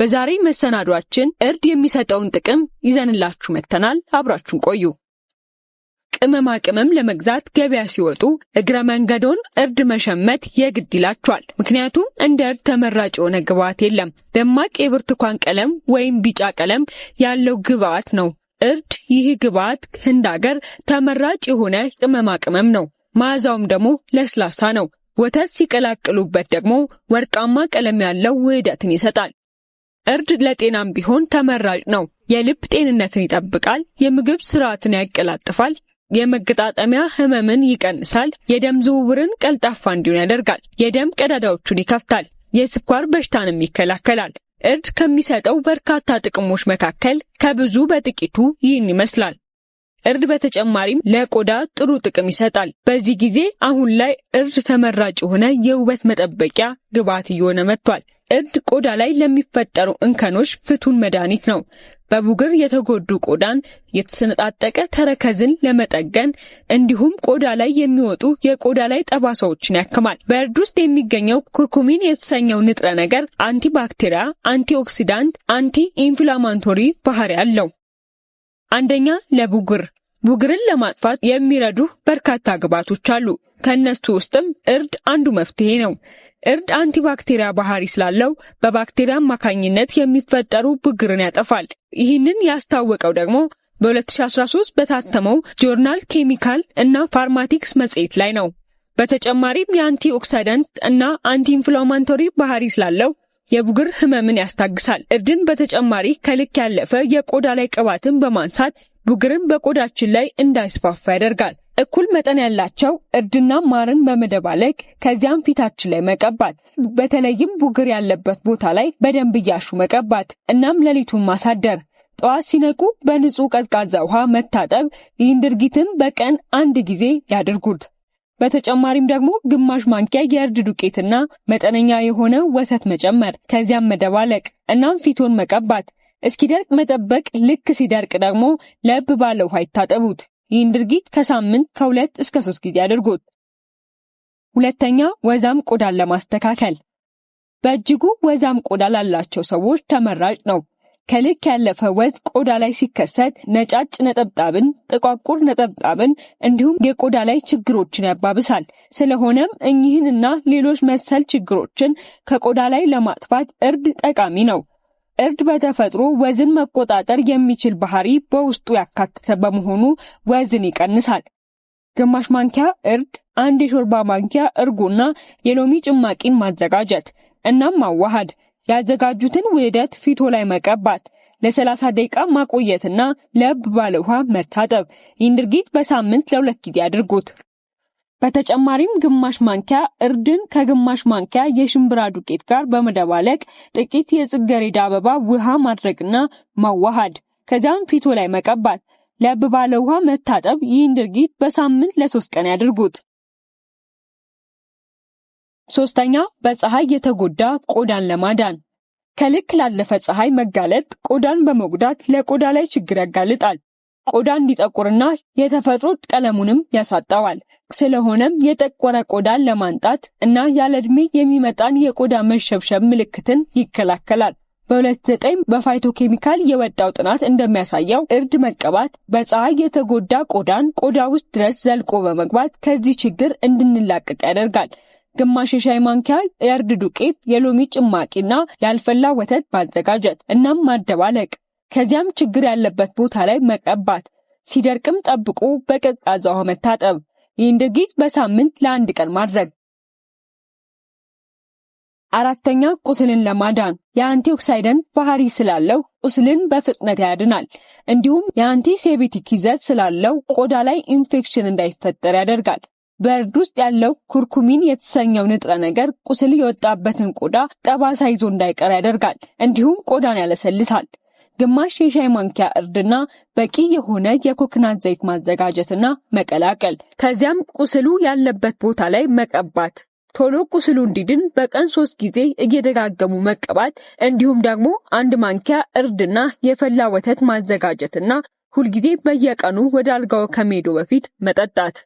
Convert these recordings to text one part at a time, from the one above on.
በዛሬ መሰናዷችን እርድ የሚሰጠውን ጥቅም ይዘንላችሁ መጥተናል። አብራችሁን ቆዩ። ቅመማ ቅመም ለመግዛት ገበያ ሲወጡ እግረ መንገዶን እርድ መሸመት የግድ ይላቸዋል። ምክንያቱም እንደ እርድ ተመራጭ የሆነ ግብዓት የለም። ደማቅ የብርቱካን ቀለም ወይም ቢጫ ቀለም ያለው ግብዓት ነው እርድ። ይህ ግብዓት ህንድ አገር ተመራጭ የሆነ ቅመማ ቅመም ነው። መዓዛውም ደግሞ ለስላሳ ነው። ወተት ሲቀላቅሉበት ደግሞ ወርቃማ ቀለም ያለው ውህደትን ይሰጣል። እርድ ለጤናም ቢሆን ተመራጭ ነው። የልብ ጤንነትን ይጠብቃል፣ የምግብ ስርዓትን ያቀላጥፋል፣ የመገጣጠሚያ ህመምን ይቀንሳል፣ የደም ዝውውርን ቀልጣፋ እንዲሆን ያደርጋል፣ የደም ቀዳዳዎቹን ይከፍታል፣ የስኳር በሽታንም ይከላከላል። እርድ ከሚሰጠው በርካታ ጥቅሞች መካከል ከብዙ በጥቂቱ ይህን ይመስላል። እርድ በተጨማሪም ለቆዳ ጥሩ ጥቅም ይሰጣል። በዚህ ጊዜ አሁን ላይ እርድ ተመራጭ የሆነ የውበት መጠበቂያ ግብዓት እየሆነ መጥቷል። እርድ ቆዳ ላይ ለሚፈጠሩ እንከኖች ፍቱን መድኃኒት ነው። በቡግር የተጎዱ ቆዳን፣ የተሰነጣጠቀ ተረከዝን ለመጠገን እንዲሁም ቆዳ ላይ የሚወጡ የቆዳ ላይ ጠባሳዎችን ያክማል። በእርድ ውስጥ የሚገኘው ኩርኩሚን የተሰኘው ንጥረ ነገር አንቲባክቴሪያ፣ አንቲኦክሲዳንት፣ አንቲ ኢንፍላማቶሪ ባህሪ አለው። አንደኛ ለቡግር ቡግርን ለማጥፋት የሚረዱ በርካታ ግብዓቶች አሉ። ከእነሱ ውስጥም እርድ አንዱ መፍትሄ ነው። እርድ አንቲባክቴሪያ ባህሪ ስላለው በባክቴሪያ አማካኝነት የሚፈጠሩ ብግርን ያጠፋል። ይህንን ያስታወቀው ደግሞ በ2013 በታተመው ጆርናል ኬሚካል እና ፋርማቲክስ መጽሔት ላይ ነው። በተጨማሪም የአንቲ ኦክሳይዳንት እና አንቲ ኢንፍላማቶሪ ባህሪ ስላለው የብጉር ህመምን ያስታግሳል። እርድን በተጨማሪ ከልክ ያለፈ የቆዳ ላይ ቅባትን በማንሳት ብጉርን በቆዳችን ላይ እንዳይስፋፋ ያደርጋል። እኩል መጠን ያላቸው እርድና ማርን በመደባለቅ ከዚያም ፊታችን ላይ መቀባት፣ በተለይም ቡግር ያለበት ቦታ ላይ በደንብ እያሹ መቀባት፣ እናም ሌሊቱን ማሳደር። ጠዋት ሲነቁ በንጹህ ቀዝቃዛ ውሃ መታጠብ። ይህን ድርጊትም በቀን አንድ ጊዜ ያድርጉት። በተጨማሪም ደግሞ ግማሽ ማንኪያ የእርድ ዱቄትና መጠነኛ የሆነ ወተት መጨመር፣ ከዚያም መደባለቅ፣ እናም ፊቶን መቀባት። እስኪደርቅ መጠበቅ። ልክ ሲደርቅ ደግሞ ለብ ባለ ውሃ ይታጠቡት። ይህን ድርጊት ከሳምንት ከሁለት እስከ ሶስት ጊዜ አድርጉት። ሁለተኛ ወዛም ቆዳን ለማስተካከል በእጅጉ ወዛም ቆዳ ላላቸው ሰዎች ተመራጭ ነው። ከልክ ያለፈ ወዝ ቆዳ ላይ ሲከሰት ነጫጭ ነጠብጣብን፣ ጥቋቁር ነጠብጣብን እንዲሁም የቆዳ ላይ ችግሮችን ያባብሳል። ስለሆነም እኚህንና ሌሎች መሰል ችግሮችን ከቆዳ ላይ ለማጥፋት እርድ ጠቃሚ ነው። እርድ በተፈጥሮ ወዝን መቆጣጠር የሚችል ባህሪ በውስጡ ያካተተ በመሆኑ ወዝን ይቀንሳል። ግማሽ ማንኪያ እርድ፣ አንድ የሾርባ ማንኪያ እርጎና የሎሚ ጭማቂን ማዘጋጀት እናም ማዋሃድ። ያዘጋጁትን ውህደት ፊቶ ላይ መቀባት ለሰላሳ ደቂቃ ማቆየትና ለብ ባለ ውሃ መታጠብ። ይህን ድርጊት በሳምንት ለሁለት ጊዜ አድርጉት። በተጨማሪም ግማሽ ማንኪያ እርድን ከግማሽ ማንኪያ የሽምብራ ዱቄት ጋር በመደባለቅ ጥቂት የጽጌረዳ አበባ ውሃ ማድረግና ማዋሃድ፣ ከዚያም ፊቱ ላይ መቀባት፣ ለብ ባለ ውሃ መታጠብ። ይህን ድርጊት በሳምንት ለሶስት ቀን ያድርጉት። ሶስተኛ በፀሐይ የተጎዳ ቆዳን ለማዳን ከልክ ላለፈ ፀሐይ መጋለጥ ቆዳን በመጉዳት ለቆዳ ላይ ችግር ያጋልጣል። ቆዳ እንዲጠቁርና የተፈጥሮ ቀለሙንም ያሳጣዋል። ስለሆነም የጠቆረ ቆዳን ለማንጣት እና ያለ ዕድሜ የሚመጣን የቆዳ መሸብሸብ ምልክትን ይከላከላል በሁለት በ29 በፋይቶ ኬሚካል የወጣው ጥናት እንደሚያሳየው እርድ መቀባት በፀሐይ የተጎዳ ቆዳን ቆዳ ውስጥ ድረስ ዘልቆ በመግባት ከዚህ ችግር እንድንላቀቅ ያደርጋል። ግማሽ የሻይ ማንኪያ የእርድ ዱቄት፣ የሎሚ ጭማቂና ያልፈላ ወተት ማዘጋጀት እናም ማደባለቅ ከዚያም ችግር ያለበት ቦታ ላይ መቀባት፣ ሲደርቅም ጠብቆ በቀዝቃዛ ውሃ መታጠብ። ይህን ድርጊት በሳምንት ለአንድ ቀን ማድረግ። አራተኛ ቁስልን ለማዳን የአንቲኦክሳይደንት ባህሪ ስላለው ቁስልን በፍጥነት ያድናል። እንዲሁም የአንቲሴቤቲክ ይዘት ስላለው ቆዳ ላይ ኢንፌክሽን እንዳይፈጠር ያደርጋል። በእርድ ውስጥ ያለው ኩርኩሚን የተሰኘው ንጥረ ነገር ቁስል የወጣበትን ቆዳ ጠባሳ ይዞ እንዳይቀር ያደርጋል። እንዲሁም ቆዳን ያለሰልሳል። ግማሽ የሻይ ማንኪያ እርድና በቂ የሆነ የኮክናት ዘይት ማዘጋጀትና መቀላቀል። ከዚያም ቁስሉ ያለበት ቦታ ላይ መቀባት። ቶሎ ቁስሉ እንዲድን በቀን ሶስት ጊዜ እየደጋገሙ መቀባት። እንዲሁም ደግሞ አንድ ማንኪያ እርድና የፈላ ወተት ማዘጋጀትና ሁልጊዜ በየቀኑ ወደ አልጋው ከመሄዱ በፊት መጠጣት።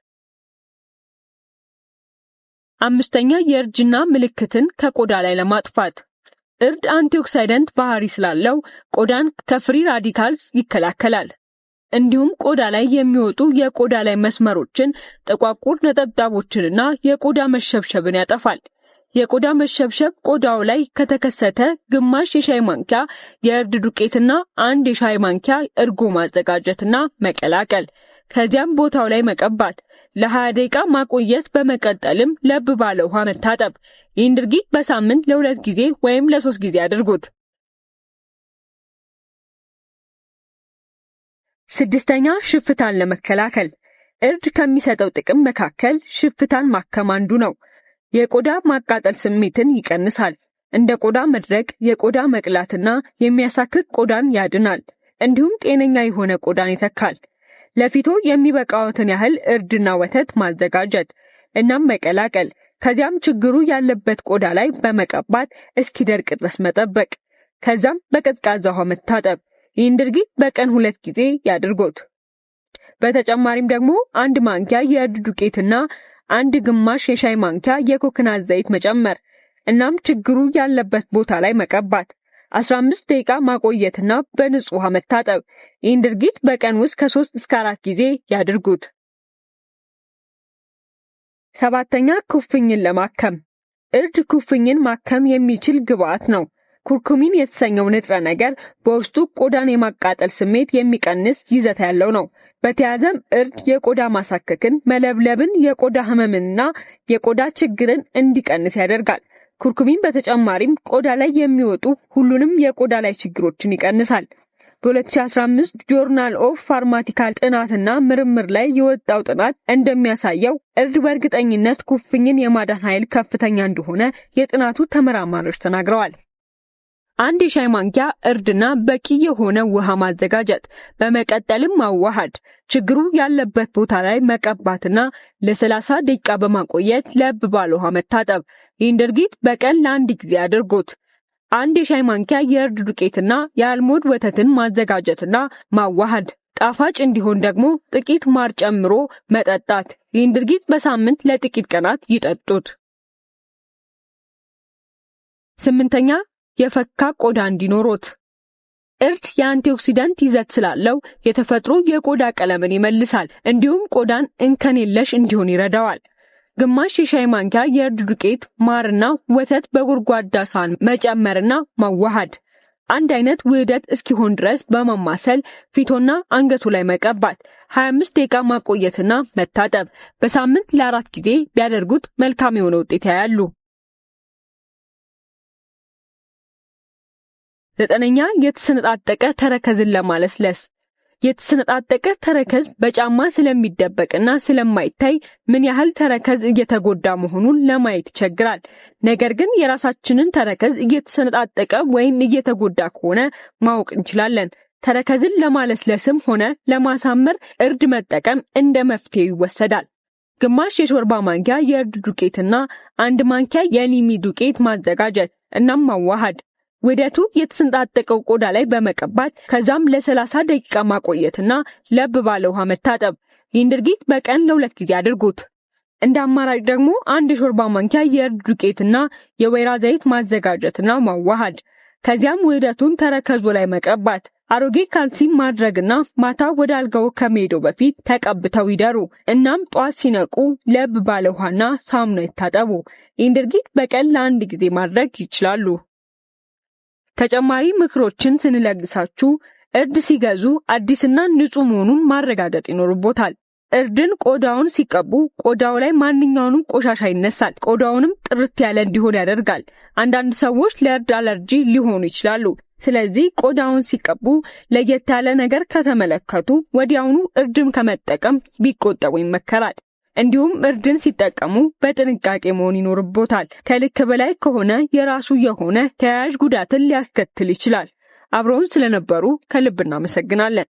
አምስተኛ የእርጅና ምልክትን ከቆዳ ላይ ለማጥፋት እርድ አንቲኦክሳይደንት ባህሪ ስላለው ቆዳን ከፍሪ ራዲካልስ ይከላከላል። እንዲሁም ቆዳ ላይ የሚወጡ የቆዳ ላይ መስመሮችን፣ ጠቋቁር ነጠብጣቦችንና የቆዳ መሸብሸብን ያጠፋል። የቆዳ መሸብሸብ ቆዳው ላይ ከተከሰተ ግማሽ የሻይ ማንኪያ የእርድ ዱቄትና አንድ የሻይ ማንኪያ እርጎ ማዘጋጀትና መቀላቀል፣ ከዚያም ቦታው ላይ መቀባት ለ ደቂቃ ማቆየት በመቀጠልም ለብ ባለ ውሃ መታጠብ። ይህን ድርጊት በሳምንት ለሁለት ጊዜ ወይም ለሶስት ጊዜ አድርጉት። ስድስተኛ ሽፍታን ለመከላከል እርድ ከሚሰጠው ጥቅም መካከል ሽፍታን ማከም አንዱ ነው። የቆዳ ማቃጠል ስሜትን ይቀንሳል። እንደ ቆዳ መድረቅ፣ የቆዳ መቅላትና የሚያሳክክ ቆዳን ያድናል። እንዲሁም ጤነኛ የሆነ ቆዳን ይተካል። ለፊቶ የሚበቃዎትን ያህል እርድና ወተት ማዘጋጀት እናም መቀላቀል። ከዚያም ችግሩ ያለበት ቆዳ ላይ በመቀባት እስኪደርቅ ድረስ መጠበቅ። ከዛም በቀዝቃዛ ውሃ መታጠብ። ይህን ድርጊት በቀን ሁለት ጊዜ ያድርጎት። በተጨማሪም ደግሞ አንድ ማንኪያ የእርድ ዱቄትና አንድ ግማሽ የሻይ ማንኪያ የኮክናት ዘይት መጨመር እናም ችግሩ ያለበት ቦታ ላይ መቀባት። 15 ደቂቃ ማቆየትና በንጹህ ውሃ መታጠብ። ይህን ድርጊት በቀን ውስጥ ከ3 እስከ 4 ጊዜ ያድርጉት። ሰባተኛ ኩፍኝን ለማከም እርድ ኩፍኝን ማከም የሚችል ግብዓት ነው። ኩርኩሚን የተሰኘው ንጥረ ነገር በውስጡ ቆዳን የማቃጠል ስሜት የሚቀንስ ይዘት ያለው ነው። በተያዘም እርድ የቆዳ ማሳከክን፣ መለብለብን፣ የቆዳ ህመምንና የቆዳ ችግርን እንዲቀንስ ያደርጋል። ኩርኩሚን በተጨማሪም ቆዳ ላይ የሚወጡ ሁሉንም የቆዳ ላይ ችግሮችን ይቀንሳል። በ2015 ጆርናል ኦፍ ፋርማቲካል ጥናትና ምርምር ላይ የወጣው ጥናት እንደሚያሳየው እርድ በእርግጠኝነት ኩፍኝን የማዳን ኃይል ከፍተኛ እንደሆነ የጥናቱ ተመራማሪዎች ተናግረዋል። አንድ የሻይ ማንኪያ እርድና በቂ የሆነ ውሃ ማዘጋጀት፣ በመቀጠልም ማዋሃድ፣ ችግሩ ያለበት ቦታ ላይ መቀባትና ለ30 ደቂቃ በማቆየት ለብ ባለ ውሃ መታጠብ። ይህን ድርጊት በቀን ለአንድ ጊዜ አድርጉት። አንድ የሻይ ማንኪያ የእርድ ዱቄትና የአልሞድ ወተትን ማዘጋጀትና ማዋሃድ። ጣፋጭ እንዲሆን ደግሞ ጥቂት ማር ጨምሮ መጠጣት። ይህን ድርጊት በሳምንት ለጥቂት ቀናት ይጠጡት። ስምንተኛ የፈካ ቆዳ እንዲኖሮት። እርድ የአንቲኦክሲዳንት ይዘት ስላለው የተፈጥሮ የቆዳ ቀለምን ይመልሳል፣ እንዲሁም ቆዳን እንከን የለሽ እንዲሆን ይረዳዋል። ግማሽ የሻይ ማንኪያ የእርድ ዱቄት ማርና ወተት በጎድጓዳ ሳህን መጨመርና ማዋሃድ አንድ አይነት ውህደት እስኪሆን ድረስ በማማሰል ፊቶና አንገቱ ላይ መቀባት፣ 25 ደቂቃ ማቆየትና መታጠብ በሳምንት ለአራት ጊዜ ቢያደርጉት መልካም የሆነ ውጤት ያያሉ። ዘጠነኛ የተሰነጣጠቀ ተረከዝን ለማለስለስ የተሰነጣጠቀ ተረከዝ በጫማ ስለሚደበቅና ስለማይታይ ምን ያህል ተረከዝ እየተጎዳ መሆኑን ለማየት ይቸግራል። ነገር ግን የራሳችንን ተረከዝ እየተሰነጣጠቀ ወይም እየተጎዳ ከሆነ ማወቅ እንችላለን። ተረከዝን ለማለስለስም ሆነ ለማሳመር እርድ መጠቀም እንደ መፍትሄ ይወሰዳል። ግማሽ የሾርባ ማንኪያ የእርድ ዱቄትና አንድ ማንኪያ የሊሚ ዱቄት ማዘጋጀት እናም ማዋሃድ ውደቱ የተሰንጣጠቀው ቆዳ ላይ በመቀባት ከዛም ለሰላሳ ደቂቃ ማቆየትና ለብ ባለ ውሃ መታጠብ። ይህን ድርጊት በቀን ለሁለት ጊዜ አድርጉት። እንደ አማራጭ ደግሞ አንድ የሾርባ ማንኪያ የእርድ ዱቄትና የወይራ ዘይት ማዘጋጀትና ማዋሃድ። ከዚያም ውህደቱን ተረከዙ ላይ መቀባት። አሮጌ ካልሲም ማድረግና ማታ ወደ አልጋው ከመሄደው በፊት ተቀብተው ይደሩ። እናም ጧት ሲነቁ ለብ ባለ ውሃና ሳሙና ይታጠቡ። ይህን ድርጊት በቀን ለአንድ ጊዜ ማድረግ ይችላሉ። ተጨማሪ ምክሮችን ስንለግሳችሁ እርድ ሲገዙ አዲስና ንጹህ መሆኑን ማረጋገጥ ይኖርቦታል። እርድን ቆዳውን ሲቀቡ ቆዳው ላይ ማንኛውንም ቆሻሻ ይነሳል። ቆዳውንም ጥርት ያለ እንዲሆን ያደርጋል። አንዳንድ ሰዎች ለእርድ አለርጂ ሊሆኑ ይችላሉ። ስለዚህ ቆዳውን ሲቀቡ ለየት ያለ ነገር ከተመለከቱ ወዲያውኑ እርድም ከመጠቀም ቢቆጠቡ ይመከራል። እንዲሁም እርድን ሲጠቀሙ በጥንቃቄ መሆን ይኖርቦታል። ከልክ በላይ ከሆነ የራሱ የሆነ ተያያዥ ጉዳትን ሊያስከትል ይችላል። አብረውን ስለነበሩ ከልብ እናመሰግናለን።